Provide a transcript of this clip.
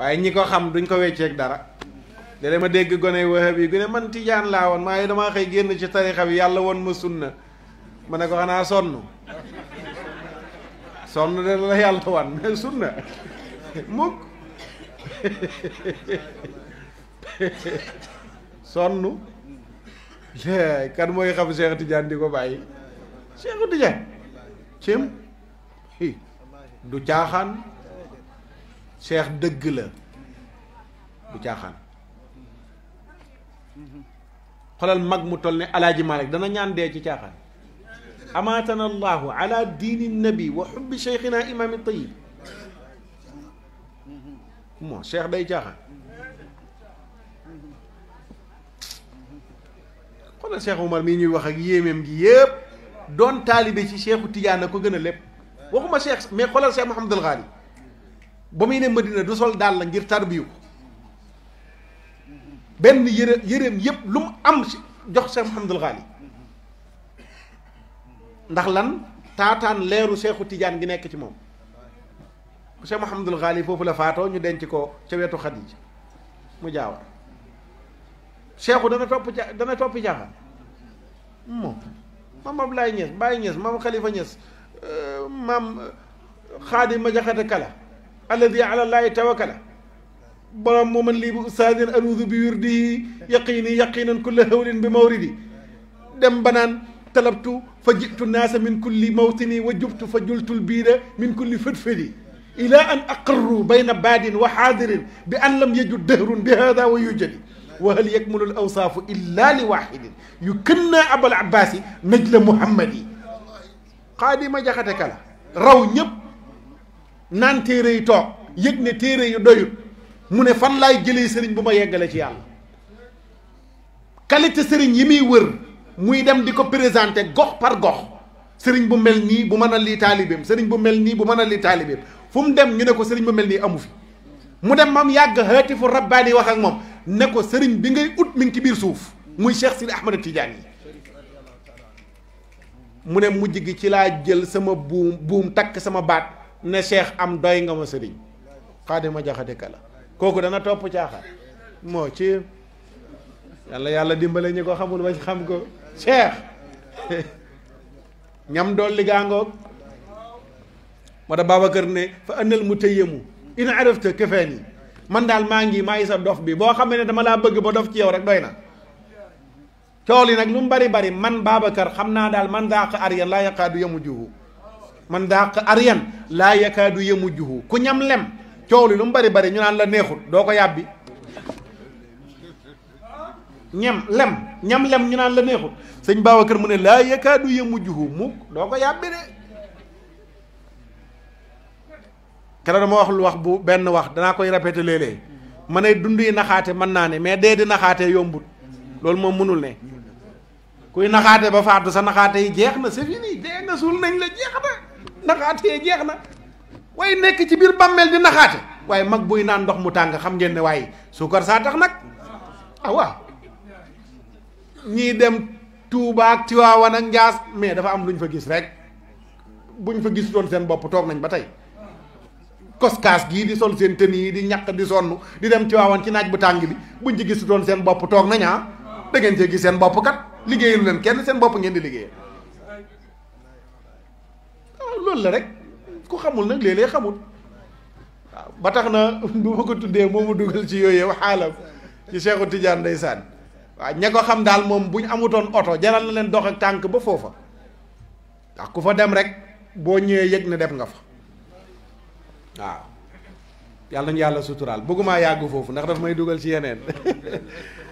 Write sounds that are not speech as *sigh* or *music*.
waaye ñi ko xam duñ ko wecceeg dara dale ma dégg gone wahab yi gu man tijaan laa woon maa ngi damaa xëy génn ci tarixa bi yàlla woon ma sunna ma ne ko xanaa sonn sonn de la yàlla wan mais sunna mukk sonn kan mooy xam Cheikh Tidiane di ko bàyyi Cheikh Tidiane cim du caaxaan cheikh dëgg la bu caaxaan xolal mag mu toll ni alaaji Malik dana ñaan dee ci caaxaan amaatana allahu ala diini nabi wa xubbi cheikhina imaami tayib moo cheikh day caaxaan xoolal cheikh Umar mii ñuy wax ak yéemeem gi yépp doon taalibe ci cheikhu Tidiane ko gën a lépp waxuma cheikh mais xoolal cheikh Mouhamadul Ghali ba muy ne Madina du sol daal la ngir tarbiyu ko benn yëre yëreem yëpp lu mu am si jox Cheikh Mouhamadul Ghali ndax lan taataan leeru Seexu tiijaan gi nekk ci moom Cheikh Mouhamadul Ghali foofu la faatoo ñu denc ko ca wetu Xadiija mu jaawar Seexu dana topp ca dana topp caaxaan moom maam Ablaye Niass Baye maam Khalifa Niass euh, maam Xaadim euh, ma jaxate kala alladi ala llaahi tawakkala borom moo man lii bi ustaadin aruudu bi wirdihi yaqiini yaqiinan kulla hawlin bi mawridi dem banaan talabtu fa jitu naasa min kulli mawtini wa jubtu fa jultul biida min kulli fëtfëdi ila an aqarru bayna baadin wa xaadirin bi an lam yajud dahrun bi hada wa yujadi wa hal yakmulu al awsaafu illa li waaxidin yu kën naa abal abbaasi najla muhammadi xaadima jaxate kala raw ñëpp naan téere yi toog yëg ne téere yu doyut mu ne fan laay jëlee sëriñ bu ma yeggalee ci yàlla qualité sëriñ yi muy wër muy dem di ko présenté gox par gox sëriñ bu mel nii bu mën a lii taalibeem sëriñ bu mel nii bu mën a lii taalibeem fu mu dem ñu ne ko sëriñ bu mel nii amu fi mu dem mam yàgg xaati fu rabbaani wax ak moom ne ko sëriñ bi ngay ut mi ngi ci biir suuf muy Cheikh Sidi Ahmed Tidiane yi mu ne mujj gi ci laa jël sama buum buum takk sama baat ne cheikh am doy nga ma sëriñ xaadima jaxate kala kooku dana topp caaxaan moo ci yàlla yàlla dimbale ñi ko xamul ba xam ko cheikh *laughs* ñam dool li gaangoog moo tax Babacar ne fa ëndal mu tëyemu in arafta kefeen yi man daal maa ngi maa ngi sa dof bi boo xamee ne dama laa bëgg ba dof ci yow rek doy na tool yi nag lu mu bari bari man Babacar xam naa daal man daq ar yan laa yaqaadu yamu juhu man daq aryan laa yakaadu yemujjuhu ku ñam lem coow li lu mu bari bari ñu naan la neexut doo ko yàbbi ñam lem ñam lem ñu naan la neexut sëñ kër mu ne laa du yakaadu yemujjuhu mukk doo ko yàbbi de keroog dama wax lu wax bu benn wax danaa koy répété léeg-léeg ma ne dund yi naxaate mën naa ne mais dee di naxaatee yombut loolu moom mënul ne kuy naxaate ba faatu sa naxaate yi jeex na c'est fini dee nga suul nañ la jeex naxaatee jeex na waaye nekk ci biir bàmmeel di naxaate waaye mag buy naan ndox mu tàng xam ngeen ne waaye suukar saa tax nag ah waaw ñii dem Tuubaa ak Tiwaawan ak Njaas mais dafa am lu ñu fa gis rek buñ fa gisutoon seen bopp toog nañ ba tey koskaas gii di sol seen tën yi di ñaq di sonn di dem Tiwaawan ci naaj bu tàng bi buñ ci gisutoon seen bopp toog nañ ah da ngeen gis seen bopp kat liggéeyul neen kenn seen bopp ngeen di liggéeyal xamal la rek ku xamul nag léeg-léeg xamul waaw ba tax na bu *laughs* ma ko tuddee moo ma dugal ci yooyu yow xaalam ci Seexu Tijaan ndeysaan waaw ña ko xam daal moom bu ñu amutoon oto jaral na leen dox ak tànk ba foofa ndax ku fa dem rek boo ñëwee yëg ne def nga fa waaw yàlla nañu yàlla suturaal bëgguma yàgg foofu ndax daf may dugal ci yeneen *laughs*